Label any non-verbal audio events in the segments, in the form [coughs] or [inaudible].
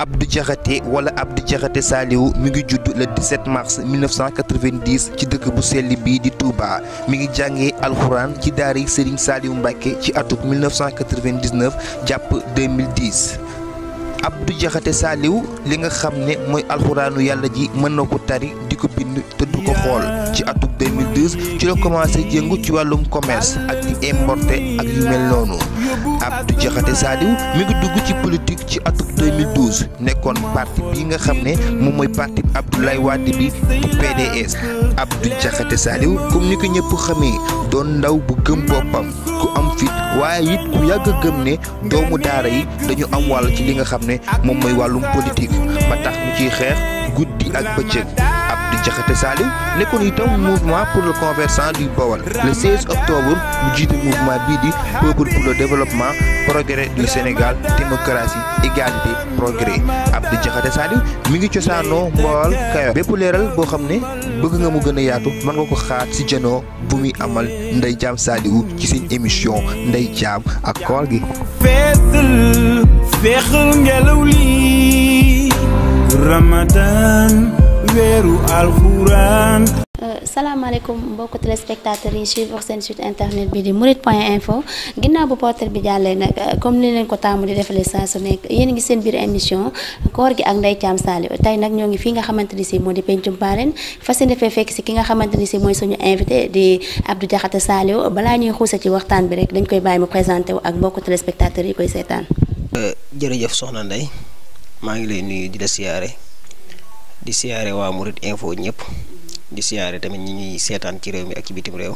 Abdou Diakhaté wala Abdou Diakhaté Saliou mi ngi judd le 17 mars 1990 ci dëkk bu sell bii di Touba mi ngi jàngee alxuraan ci daari Serigne Saliou Mbacke ci atuk 1999 jàpp 2010. Abdou Diakhaté Saliou li nga xam ne mooy alxuraanu yàlla ji mën na ko tari di ko bind te ko xool ci atuk 2012 ci la commencé jëngu ci wàllum commerce ak di importer ak yu mel noonu Abdou Diakhaté Saliou mi ngi dugg ci politique ci atum 2012 nekkoon parti bi nga xam ne moom mooy parti Abdoulaye Wade bi bu PDS Abdou Diakhaté Saliou comme ni ko ñëpp xamee doon ndaw bu gëm boppam ku am fit waaye it ku yàgg gëm ne doomu daara yi dañu am wàll ci li nga xam ne moom mooy wàllum politique ba tax mu ciy xeex guddi ak bëccëg. Jaxate Saliou nekkoon itam mouvement pour le convergence du Bawol le 16 octobre jiite mouvement bii di peuple pour le développement progrès du Sénégal démocratie égalité progrès Abdou Jaxate Saliou mi ngi cosaanoo Bawol Kayoor bépp leeral boo xam ne bëgg nga mu gën a yaatu mën nga ko xaar ci janoo bu muy amal Ndeye Thiam Saliou ci seen émission Ndeye Thiam ak koor gi feexal ngelaw li Ramadan weeru alxuraan euh, salaamaaleykum mbokki téléspectateurs yi suivre seen site internet bi di murit point info ginnaaw bu portrait bi jàllee nag euh, comme ni leen ko taamu di defalee saa su nekk yéen ngi seen biir émission koor gi ak Ndeye Thiam Saliou tey nag ñoo ngi fii nga xamante ni si moo di pencum Paareen fas yéene fee fekk si ki nga xamante ni si mooy suñu invité di Abdou jaxate Saliou balaa ñuy xuuse ci waxtaan bi rek dañ koy bàyyi mu présenté wu ak mbokki téléspectateurs yi koy seetaan. Euh, jërëjëf soxna Ndeye maa ngi lay nuyu di la siyaare. di siyaare waa Mouride info ñëpp di siyaare tamit ñi ñuy seetaan ci réew mi ak ci bitim réew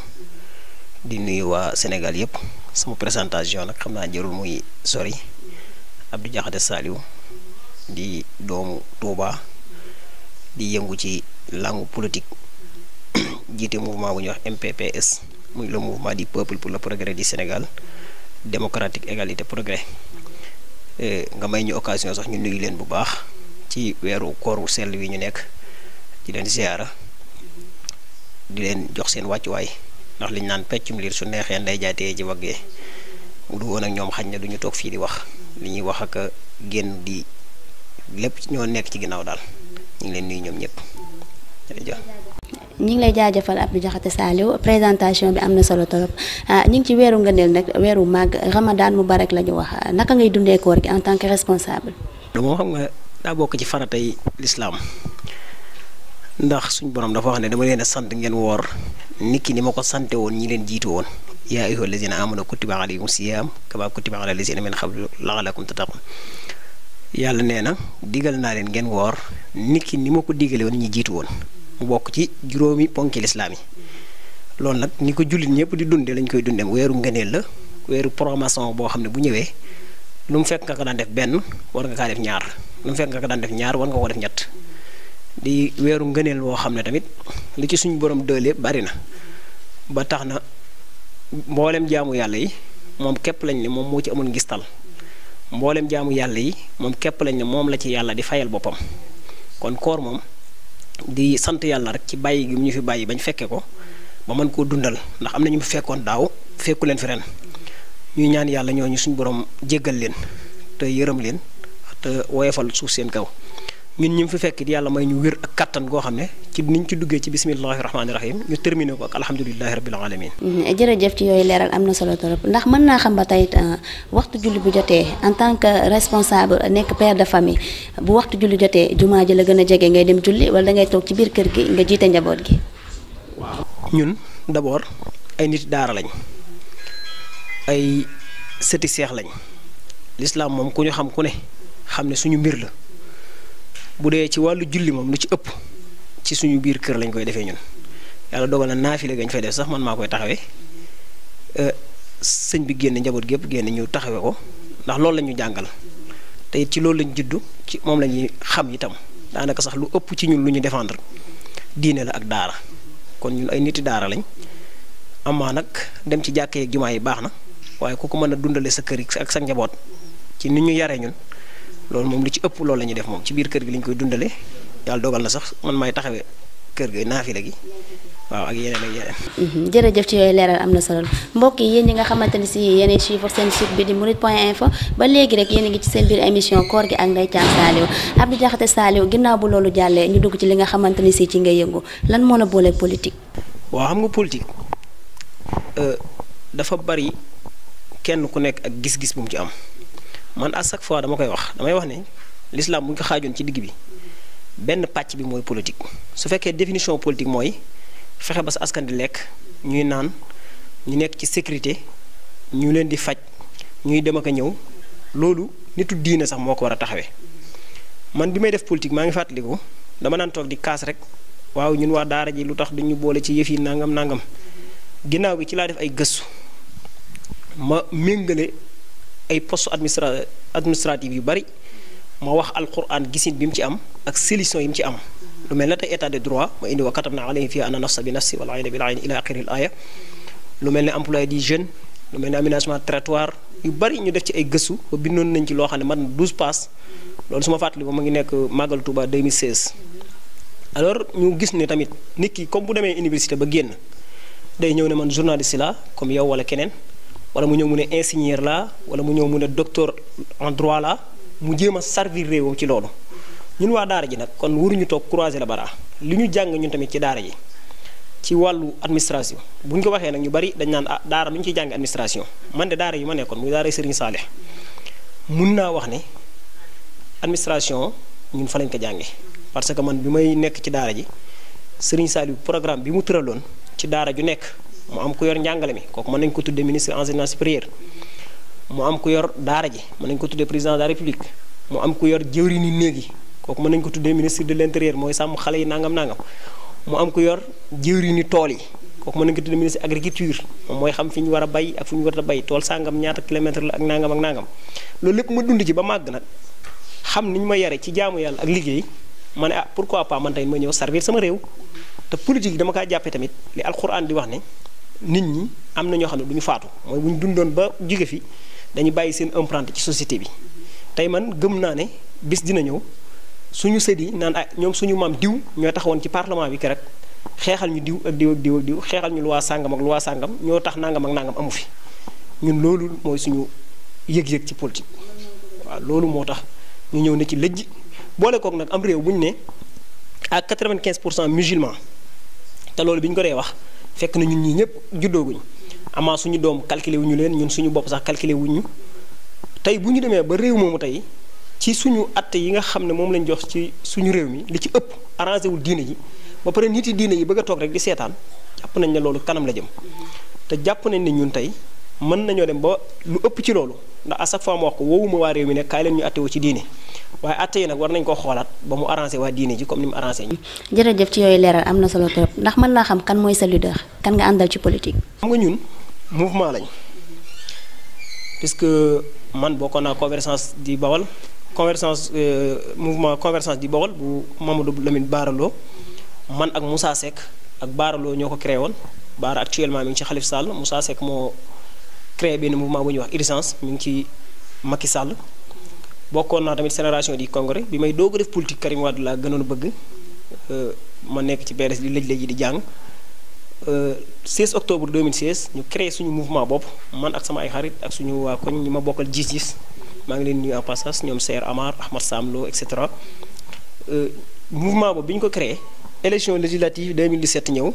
di nuyu waa Sénégal yëpp sama présentation nag xam naa jërul muy sori abdu Diakhaté Saliou di doomu Touba di yëngu ci langue politique [coughs] jiite mouvement bu ñuy wax MPPS muy le mouvement di peuple pour le progrès di Sénégal démocratique égalité progrès eh, nga may ñu occasion sax ñu nuyu leen bu baax. ci weeru kooru sell wi ñu nekk di leen ziyaara di leen jox seen wàccuwaay ndax liñ naan peccum liir su neexee nday jaatee ci waggee bu du ak ñoom xañ na duñu toog fii di wax li ñuy wax ak génn di lépp ñoo nekk ci ginnaaw daal ñu ngi leen nuyu ñoom ñëpp jërëjëf ñi ngi lay jaajëfal Abdou Diakhaté Saliou présentation bi am na solo torop ah, ñi ngi ci weeru nga ngëneel nag weeru màgg Ramadan Mubarak la ñu wax ah, naka ngay dundee koor gi en tant que responsable. moom xam daa bokk ci faratay lislaam ndax suñ borom dafa wax ne dama leen a sant ngeen woor niki ni ma ko sante woon ñi leen jiitu woon yaa ayyuha allazina amanu kutiba alaykum siyaam kama ne ala allazina min xablu laalakum tattaqun yàlla nee na digal naa leen ngeen woor niki ni ma ko digale woon ñi jiitu woon mu bokk ci juróomi ponki lislaam yi loolu nag ni ko jullit ñëpp di dunde lañ koy dunde weeru ngëneel la weeru promotion boo xam ne bu ñëwee lu mu fekk nga ko daan def benn war nga kaa def ñaar lu mu fekk nga ko daan def ñaar war nga ko def ñett di weeru ngëneel woo xam ne tamit li ci suñu borom dële bari na ba tax na mboolem jaamu yàlla yi moom képp lañ ne moom moo ci amul ngistal mboolem jaamu yàlla yi moom képp lañ ne moom la ci yàlla di fayal boppam kon koor moom di sant yàlla rek ci bàyyi gi mu ñu fi bàyyi bañ fekkee ko ba mën koo dundal ndax am na ñu mu fekkoon daaw fekku leen fi ren ñuy ñaan yàlla ñoo ñu suñu boroom jéggal leen te yërëm leen. te woyefal suuf seen kaw ñun ñu fi fekk yàlla may ñu wér ak kattan goo xam ne ci niñ ci duggee ci bismillahi rahmaani rahim ñu terminé ko ak alhamdulilahi rabbil alamin mm-hmm. jëf ci yooyu leeral am na solo trop ndax mën naa xam ba tey euh, waxtu julli bu jotee en tant que responsable nekk père de famille bu waxtu julli jotee jumaa ji la gën a jege ngay dem julli wala da ngay toog ci biir kër gi nga jiite njaboot gi. waaw ñun d'abord ay nit daara lañ ay sëti lañ l'islam moom ku xam ku ne. xam ne suñu mbir la bu dee ci wàllu julli moom lu ci ëpp ci suñu biir kër lañ koy defee ñun yàlla dogal na naafile gañ fay def sax man maa koy taxawee euh, sëñ bi génn njaboot gépp génn ñu taxawee ko ndax loolu la jàngal te ci loolu lañ juddu ci moom lañuy ñuy xam itam daanaka sax lu ëpp ci ñun lu ñu défendre diine la ak daara kon ñun ay niti daara lañ am amaa nag dem ci jàkkee ak jumaa yi baax na waaye ku ko mën a dundale sa kër ak sa njaboot ci ni ñu yaree ñun. loolu moom li ci ëpp loolu la ñuy def moom ci biir kër gi lañ koy dundale yàlla dogal na sax man maay taxawee kër ga naafila gi waaw ak yeneen ak yeneen. Mhm, jërëjëf ci yooyu leeral am na solo mbokk yi yéen ñi nga xamante ni si yéenay suivre seen site bi di mourides léegi rek yéen a ngi ci seen biir émission koor gi ak Ndeye Thiam Saliou Abdou Diakhaté Saliou ginnaaw bu loolu jàllee ñu dugg ci li nga xamante ni si ci nga yëngu lan moo la booleeg politique. waa xam nga politique euh, dafa bari kenn ku nekk ak gis-gis bu mu ci am. man à chaque fois dama koy wax damay wax ne lislaam bu ngi ko xaajoon ci digg bi benn pàcc bi mooy politique su fekkee définition politique mooy fexe ba sa askan di lekk ñuy naan ñu nekk ci sécurité ñu leen di faj ñuy dem ak a ñëw loolu nitu diine sax moo ko war a taxawee man bi may def politique maa ngi fàttaliku dama naan toog di kaas rek waaw ñun waa daara ji lu tax dañu boole ci yëf yi nangam nangam ginnaaw gi ci laa def ay gëstu ma méngale. ay poste administrative administrative yu bari ma wax alquran gisin bim ci am ak solution yim ci am lu mel tay état de droit ma indi wa katabna alayhi fi anna nafsa bi nafsi wal ayna bil ayn ila al aya lu melni ne emploi du jeune lu melni aménagement territoire yu bari ñu def ci ay gëstu ba binnon nañ ci lo xamne man 12 pass lolou suma fatali ngi nek magal Touba 2016 alors ñu gis ni tamit nit ki comme bu démé université ba génn day ñëw né man journaliste la comme yow wala kenen wala mu ñew mu ne ingénieur la wala mu ñew mu ne docteur en droit la mu jema servir réewam ci lolu ñun wa daara ji nak kon waruñu tok croiser la bara li ñu jàng ñun tamit ci daara ji ci walu administration buñ ko waxee nak ñu bari dañ nan ah, daara lu ñu ciy administration man de daara yi ma nekkon muy daara Serigne Saleh mën na wax ne administration ñun fa lañ ko jangé parce que man bi may nekk ci daara ji Serigne programme bi mu ci daara ju nekk mu am ku yor mi kok man nañ ko tuddé ministre enseignement supérieur mu am ku yor daara ji man nañ ko tuddé président de la république mu am ku yor jëwriñu neegi yi man nañ ko tuddé ministre de l'intérieur moy sam xalé yi nangam nangam mu am ku yor kok tool yi kooku man nañ ko tuddé ministre agriculture moom mooy xam fiñu wara bay ak fuñu wara bay tool sangam ñaata kilomètre la ak nangam ak nangam loolu lepp ma dund ci ba mag nak xam niñ ma yare ci jaamu yalla ak liggéey ma ah, pourquoi pas man tay ma ñëw servir sama réew te politique dama ka jappé tamit li alcorane di wax ni nit ñi am na ñoo xam ne du ñu faatu mooy bu ñu dundoon ba jóge fi dañu bàyyi seen empreinte ci société bi tey man gëm naa ne bis dina ñëw suñu sët yi naan ah ñoom suñu maam diw ñoo taxawoon ci parlement bi keroog xeexal ñu diw ak diw ak diw xeexal ñu luwaa sàngam ak waa sàngam ñoo tax nangam ak nangam amu fi ñun loolu mooy suñu yëg-yëg ci politique waaw loolu moo tax ñu ñëw ne ci lëjj boole kook nag am réew bu ñu ne à 95 pour cent musulman te loolu bi ñu ko dee wax. fekk na ñun ñii ñëpp juddooguñ amaa suñu doom calculé wuñu leen ñun suñu bopp sax wu ñu tey bu ñu demee ba réew moomu tey ci suñu atte yi nga xam ne moom lañ jox ci suñu réew mi li ci ëpp arrangé wul diine yi ba pare nit yi diine yi bëgg a toog rek di seetaan jàpp nañ ne loolu kanam la jëm te jàpp nañ ne ñun tey man nañu dem ba lu ëpp ci loolu ndax à chaque fois ma wax ko wowuma waa réew mi ne kaay leen ñu attewoo ci diine waaye atté yi nag war nañ ko xoolaat ba mu arrangé waa diine ji comme ni mu arrangé ñu jërëjëf ci yooyu leeral am na solo trop ndax mën naa xam kan mooy sa leader kan nga àndal ci politique xam nga ñun mouvement lañ puisque man bokkoon naa convergence di bawal convergence euh, mouvement convergence di bawal bu Mamadou Lamine Baaraloo man ak Moussa Seck ak Baaraloo ñoo ko créé woon Baara actuellement mi ngi ci Xalif Sall Moussa Seck moo créé benn mouvement bu ñu wax urgence mu ngi ci Macky Sall bokkoon naa tamit sénération di congrès bi may doog a def politique Karim Wade laa gënoon bëgg euh, ma nekk ci PDS di lëj-lëj yi di jàng 16 euh, octobre 2016 ñu créé suñu mouvement bopp man ak sama ay xarit ak suñu waa koñ ñi ma bokkal gis-gis maa ngi leen nuyu en passage ñoom Seer Amar Ahmad Samlo et cetera euh, mouvement boobu bi ñu ko créé élection législative 2017 ñëw.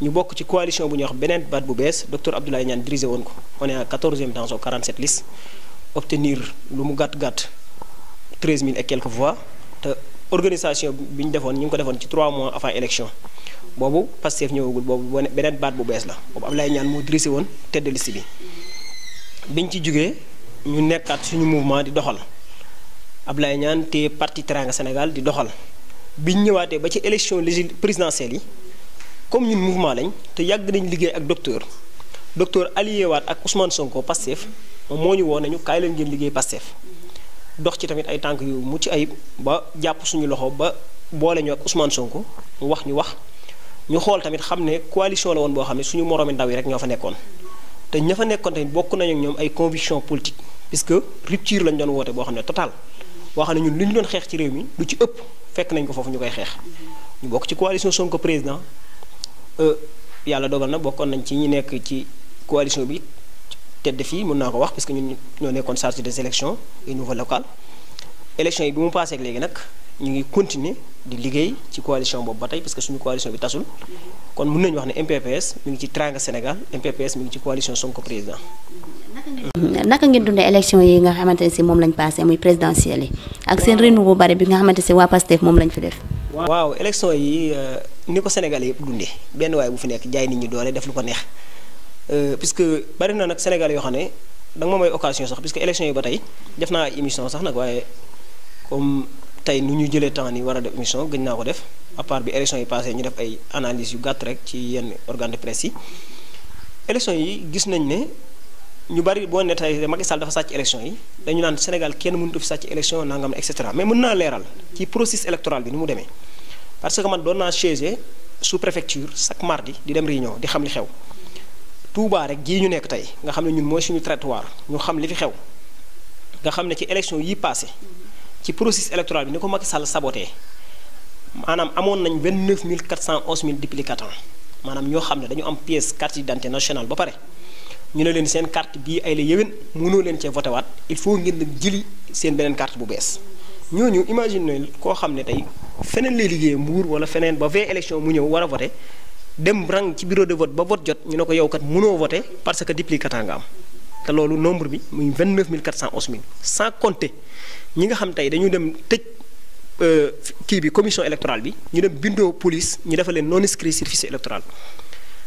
ñu bokk ci coalition bu ñuy wax beneen baat bu bees docteur Abdoulaye Niane dirigé woon ko on est à 14e dans son 47 obtenir lu mu gàtt gàtt 13000 et quelques voix te organisation bi ñu defoon ñu ngi ko defoon ci 3 mois avant élection boobu Pastef ñëwagul boobu beneen baat bu bees la boobu Abdoulaye ñaan moo dirigé woon tête de bi biñ ci jógee ñu nekkaat suñu mouvement di doxal Abdoulaye ñaan te parti Teranga Sénégal di doxal biñ ñëwaatee ba ci élection législative présidentielle yi. comme ñun mouvement lañ te yàgg nañ liggéey ak docteur docteur allié waat ak Ousmane Sonko Pastef moom moo ñu woon nañu kaay leen ngeen liggéey Pastef dox ci tamit ay tànk yu mucc ay ba jàpp suñu loxo ba boole ñu ak Ousmane Sonko mu wax ñu wax ñu xool tamit xam ne coalition la woon boo xam ne suñu moroomi ndaw yi rek ñoo fa nekkoon te ña fa nekkoon tamit bokk nañu ak ñoom ay conviction politique puisque rupture lañ doon woote boo xam ne total boo xam ne li ñu doon xeex ci réew mi lu ci ëpp fekk nañ ko foofu ñu koy xeex ñu bokk ci coalition Sonko président Euh, yàlla dogal na bokkoon nañ ci ñi nekk ci coalition bi tedd fii mën naa ko wax parce que ñun ñoo nekkoon chargé des élections et nouveau local élections yi bi mu passé ak léegi nag ñu ngi continuer di liggéey ci coalition boobu ba tey parce que suñu coalition bi tasul kon mën nañu wax ne MPPS mi ngi ci Teranga Sénégal MPPS mi ngi ci coalition Sonko président. naka ngeen dundee élection yi nga xamante ne si moom lañ passé muy présidentielle yi. ak seen renouveau bu bari bi nga xamante si waa PASTEF moom lañ fi def. waaw élection yi. Euh, ni ko Sénégal yëpp dundee benn waaye bu fi nekk jaay nit ñi doole def lu ko neex euh, puisque bari na nag Sénégal yoo xam ne da nga ma may occasion sax puisque élection yi ba tey def naa ay émission sax nag waaye comme tey nu ñu jëlee temps ni war a émission gëj naa ko def à part bi yi passé ñu def ay analyse yu gàtt rek ci yenn organe de presse yi élection yi gis nañ ne ñu bari boo ne tey Macky Sall dafa sàcc élection yi dañu naan Sénégal kenn mun mënut fi sàcc élection nangam et mais mën naa leeral ci process électoral bi nu mu demee parce que man doon sous préfecture chaque mardi di dem réunion di xam li xew Touba rek gi ñu nek tay nga xam ne ñun ñu xam ne ci élection yi passé ci processus électoral bi 29 411 duplicatants Nous xam ne dañu am pièce carte d'identité nationale ba une ñu carte ay la leen il faut ngeen seen carte bu imaginons, imagine ko feneen lay liggéey mbuur wala feneen ba vingt élection mu ñëw war a voté dem rang ci biro de vote ba vote jot ñu ne ko yow kat mënoo voté parce que duplicata nga am te loolu nombre bi muy vingt neuf mille quatre cent onze mille sans compter ñi nga xam tey dañu dem tëj euh, kii bi commission électorale bi ñu dem bindoo police ñu defal leen non inscrit sur fichier électoral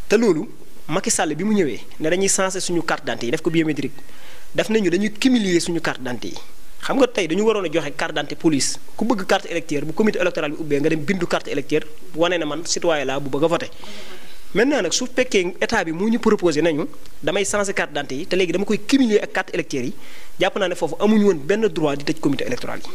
te loolu Macky Sall bi mu ñëwee ne dañuy sensé suñu carte d'identité yi def ko biométrique def nañu dañuy cumuler suñu carte d'identité yi. xam nga tey dañu waroon a joxe carte d'identité police ku bëgg carte électeur bu comité électoral bi ubbee nga dem bindu carte électeur wane na man citoyen laa bu bëgg a voté maintenant nag su fekkee état bi moo ñu proposé nañu damay changé carte d'identité yi te léegi dama koy cumuler ak carte électeur yi jàpp naa ne foofu amuñu woon benn droit di tëj comité électoral yi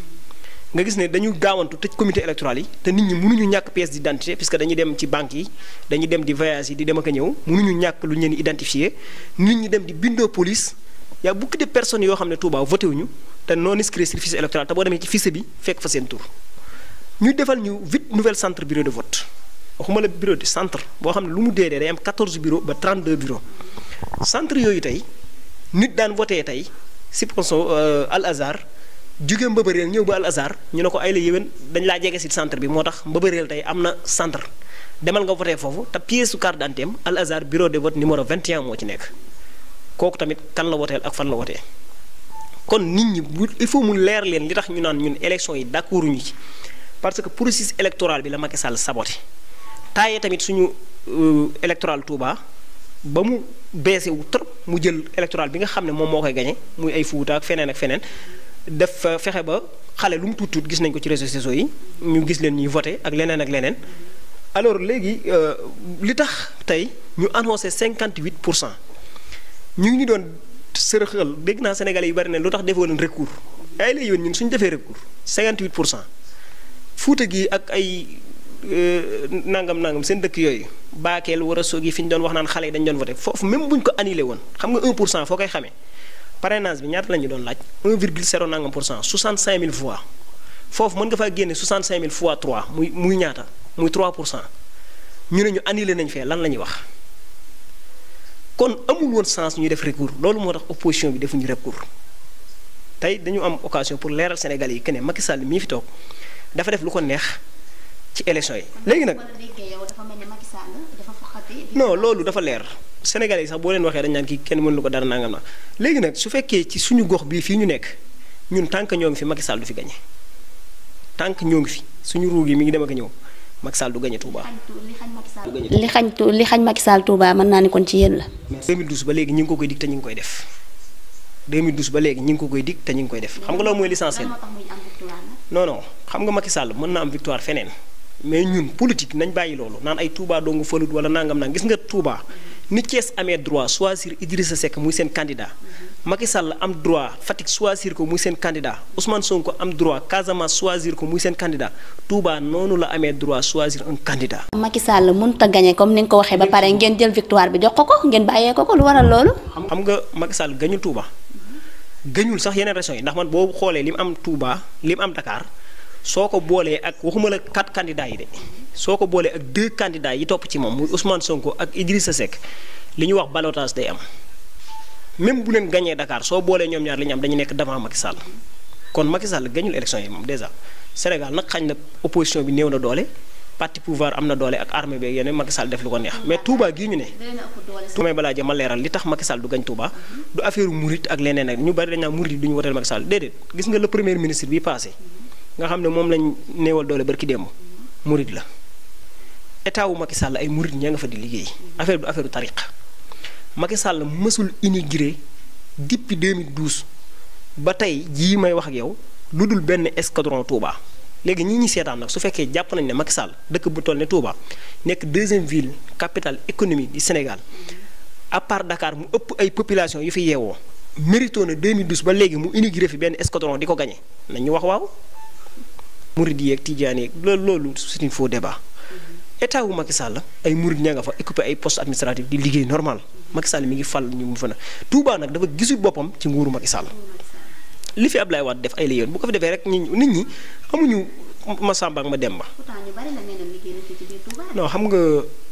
nga gis ne dañu gaawantu tëj comité électoral yi te nit ñi mënuñu ñàkk pièce d'identité puisque dañuy dem ci banque yi dañuy dem di voyage yi dem a ñëw mënuñu ñàkk lu ñu leen identifier nit ñi dem di bindoo police y a beaucoup personnes yoo xam ne Touba voté wuñu te non inscrit sur fichier électoral te boo demee ci fichier bi fekk fa seen tur ñu defal ñu huit nouvelles centre bureau de vote waxuma la bureau de centre boo xam ne lu mu dee dee day am 14 bureau ba 32 bureau centre yooyu tey nit daan voté tey si ponso euh, al azar jóge mbëbëreel ñëw ba al azar ñu ne ko ay la yéwén dañ laa jege si centre bi moo tax mbëbëreel tey am na centre demal nga voté foofu te pièce su carte d'identité am al azar bureau de vote numéro 21 moo ci nekk kooku tamit kan la woteel ak fan la wotee kon nit ñi il faut mu leer leen li tax ñu naan ñun élection yi d'accord ñu ci parce que processus électoral bi la Macky Sall saboté tayé tamit suñu euh, électoral Touba ba mu baissé wu trop mu jël électoral bi nga xamné mom moom moo koy gagné muy ay Fuuta ak feneen ak fenen def fexé ba xalé lu mu tout tout gis nañ ko ci réseaux sociaux yi ñu gis leen ñuy voter ak lenen ak lenen alors léegi euh, li tax tay ñu annoncer 58 ñu ngi ñu doon sërëxal dégg naa sénégalais yu bari ne lu tax defoo leen recours ay la yoon ñun suñu defee recours 58 pour cent fuuta gi ak ay euh, nangam nangam seen dëkk yooyu baakeel war a soog yi fi ñu doon wax naan xale yi dañu doon voté foofu même bu ñu ko annulé woon xam nga 1 pour cent foo koy xamee parrainage bi ñaata la ñu doon laaj 1 virgule 0 nangam pour cent 65000 fois foofu mën nga faa génne 65000 fois 3 muy muy ñaata muy 3 pour cent ñu ne ñu annulé nañ fee lan la ñuy wax. kon amul woon sens ñu def recours lolu moo tax opposition bi defuñu recours tey dañu am occasion pour leeral Sénégal yi que ne Macky Sall mii fi toog dafa def lu ko neex ci élection yi. léegi nag non loolu dafa leer Sénégal sax boo leen waxee dañ naan kii kenn mënu ko dara nangam na su ci suñu gox ñu ñun fi Macky Sall du fi gagné tant que fi suñu ruug yi mi ngi dem ak Macky Sall du gagné Touba. li xañ li xañ Macky Sall naa ne kon ci yéen la. 2012 ba léegi ñu ngi ko koy ñu ngi koy def 2012 ba léegi ñu ngi ko koy dikk te ñu ngi koy def xam nga loolu mooy l'essentiel. non non xam nga Macky Sall mën na am victoire feneen mais ñun politique nañ bàyyi loolu naan ay Touba dong fëlut wala nangam nang gis nga Touba. ni Thiès amee droit choisir Idrissa Seck muy seen candidat Macky Sall am droit Fatick choisir ko muy seen candidat Ousmane Sonko am droit Casamance choisir ko muy seen candidat Touba noonu la amee droit choisir un candidat. Macky Sall mënut a gagné comme ni nga ko waxee ba pare ngeen jël victoire bi jox ko ko ngeen bàyyee ko ko lu waral loolu. xam nga Macky Sall gañul Touba gañul sax yeneen régions yi ndax man boo xoolee li mu am Touba li mu am Dakar. soo ko boolee ak waxuma la quatre candidats yi de soo ko boolee ak deux candidats yi topp ci moom muy Ousmane Sonko ak Idrissa Seck li ñu wax ballottage day am même bu leen gañee dakaar soo boolee ñoom ñaar li ñu am dañu nekk devant Macky Sall kon Macky Sall gañul élection yi moom dèjà Sénégal nag xañ na opposition bi néew na doole parti pouvoir am na doole ak armée bi yeneen Macky Sall def lu ko neex mais Touba gii ñu ne. Touba balaa li tax Macky Sall du gañ Touba. du affaire murit ak leneen ak ñu bari dañ naan murit yi du ñu bi passé. nga xam ne moom lañ néewal doole barki démb murit la état wu Macky Sall ay murit ñaa nga fa di liggéey affaire du affaire du tariq Macky Sall mësul immigré depuis 2012 ba tey jii may wax ak yow lu dul benn escadron Touba léegi ñi ñi seetaan nag su fekkee jàpp nañ ne Macky Sall dëkk bu toll ne Touba nekk deuxième ville capital économique du Sénégal à part Dakar mu ëpp ay population yu fi yeewoo mérito na 2012 ba léegi mu immigré fi benn escadron di ko gañe nañ ñu wax waaw. mouride yeeg tijaan yeeg lolou c'est une faux débat mm-hmm. état wu Macky Sall ay mouride nga fa occupé ay poste administratif di liguey normal mm-hmm. Macky Sall mi ngi fal ñu mu fa na Touba nak dafa gisul bopam ci nguru Macky Sall li fi Ablaye Wade def ay la bu ko fi defee rek nit ñi amuñu ma Samba ak ma Touba non xam nga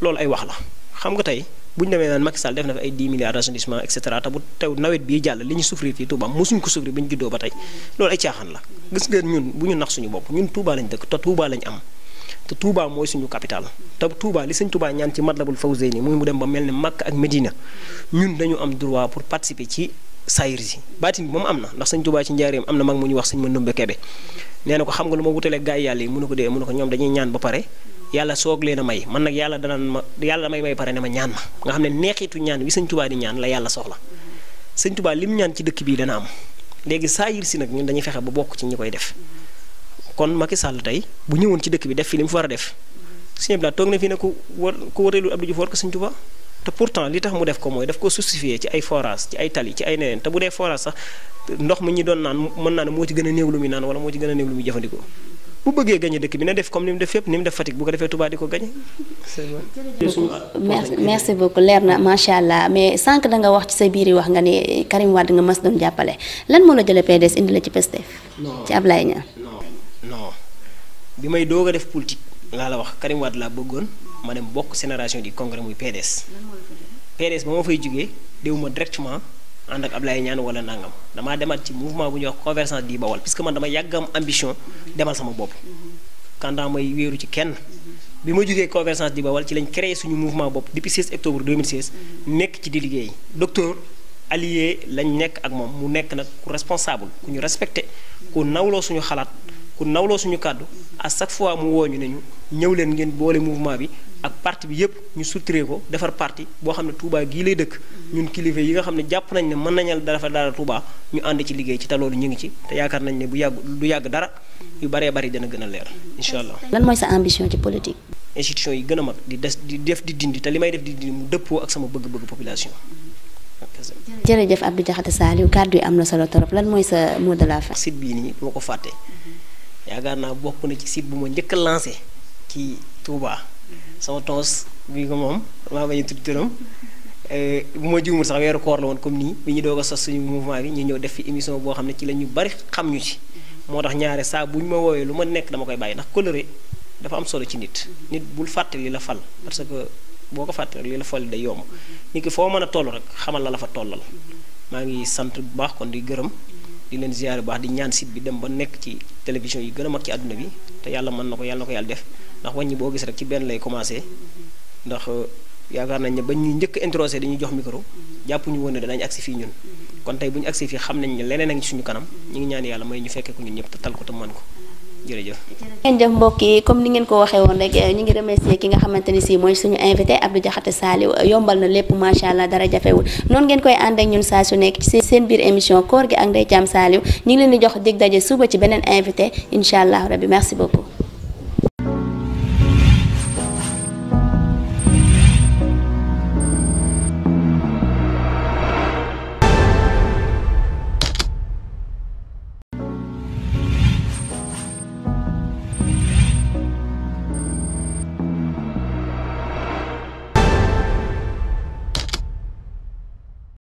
lolou ay wax la xam nga tay bu ñu demee naan Macky Sall def na fi ay 10 milliards d'assainissement et cetera te bu tew nawet bii jàll li ñu souffrir fii Touba mosuñ ko souffrir bi ñu juddoo ba tey loolu ay caaxaan la gis ngeen ñun bu ñu nax suñu bopp ñun Touba lañ dëkk te Touba lañ am te Touba mooy suñu capital te Touba li sëñ Touba ñaan ci Matlabul Fawzayni muy mu dem ba mel ne Makka ak Medina ñun dañu am droit pour participer ci sayir si baatin bi moom am na ndax sëñ Touba ci njaareem am na mag mu ñuy wax sëñ Mandumbe Kebe nee na ko xam nga lu ma wutalee gaay yàlla yi mu ne ko dee mu ne ñoom dañuy ñaan ba pare yàlla soog leen a may man nag yàlla danaa ma yàlla may may pare ne ma ñaan ma nga xam ne neexitu ñaan wi sëñ tubaa di ñaan la yàlla soxla sëñ tubaa lim ñaan ci dëkk bii dana am léegi saa yir si nag ñun dañuy fexe ba bokk ci ñi koy def kon Macky sàll tey bu ñëwoon ci dëkk bi def fii li mu fa war a def sëñ Bla toog na fi ne ku war ko wareelu Abdou Diouf war ko sëñ tubaa te pourtant li tax mu def ko mooy daf ko justifié ci ay forage ci ay tali ci ay neneen te bu dee forage sax ndox mi ñi doon naan mën naa ne moo ci gën a néew lu naan wala moo ci gën a néew lu bu bëggee gañe dëkk bi na def comme ni mu def yëpp ni mu def Fatick bu ko defee Touba di ko gañe. merci merci leer na macha allah mais sànq da nga wax ci sa biir yi wax nga ne Karim Wade nga mas doon jàppale lan moo la jëlee PDS indi la ci Pastef. ci Ablaye Niang. non non bi may doog a def politique laa la wax Karim laa bëggoon ma dem bokk génération di congrès muy PDS. PDS ba ma fay jugee déwuma directement. ànd ak Ablaye ñaan wala nangam damaa demaat ci mouvement bu ñuy wax convergence di Bawol puisque man dama yàggam ambition demal sama bopp kandaa may wéeru ci kenn bi ma jógee convergence di Bawol ci lañ créé suñu mouvement bopp depuis 16 octobre 2016 nekk ci di liggéey docteur allié lañ nekk ak moom mu nekk nag ku responsable ku ñu respecté ku nawloo suñu xalaat ku nawloo suñu kàddu à chaque fois mu wooñu ne ñu ñëw leen ngeen boole mouvement bi ak parti bi yépp ñu structuré ko defar parti boo xam ne Touba gii lay dëkk ñun kilifa yi nga xam ne jàpp nañ ne mën nañal dafa dara Touba ñu ànd ci liggéey ci te loolu ñu ngi ci te yaakaar yàgg du yàgg dara yu baree bari dana gën a leer incha allah. lan mooy sa ambition ci politique. institution yi gën a mag di des di def di dindi te li may def di dindi dëppoo ak sama bëgg-bëgg population. jërëjëf Abdou Diakhaté Saliou kàddu yi am na solo torop lan mooy sa mot de la fin. site bii nii boo ko fàtte yaakaar naa bokk na ci site bu ma njëkk a lancé ci tuuba sama toos bi ko moom maa bañ a tudd turam eh, bu ma juumul sax weeru koor la woon comme nii bi ñu doo a sos suñu mouvement bi ñu ñëw def fi émission boo xam ne ci la ñu bari xam ñu ci moo tax ñaare saa bu ñu ma woowee lu ma nekk dama koy bàyyi ndax coloré dafa am solo ci nit nit bul fàtte la fal parce que boo ko fàtte li la fal day yomb nit ki foo mën a toll rek xamal la la fa tollal maa ngi sant bu baax kon di gërëm di leen ziare bu baax di ñaan site bi dem ba nekk ci télévision yi gën a mag ci àdduna bi te yàlla mën na ko yàlla na ko yàlla def ndax wàññi boo gis rek ci benn lay commencé ndax euh, yaakaar nañ ne bañ ñuy njëkk introsé dañuy jox micro jàpp ñu woon ne danañ agsi fii ñun kon tey bu agsi fii xam nañ ne leneen a suñu kanam ñu ngi ñaan yàlla may ñu fekkee ko ñun ñëpp te tal ko te mën ngeen jëf mbokk yi comme ni ngeen ko waxee woon rek ñu ngi remercier ki nga xamante ni si mooy suñu invité Abdou Diakhaté Saliou yombal na lépp macha allah dara jafewul noonu ngeen koy ànd ak ñun saa su nekk ci seen biir émission koor gi ak Ndeye Thiam Saliou ñu leen di jox dig daje suba ci beneen invité incha allah rabbi merci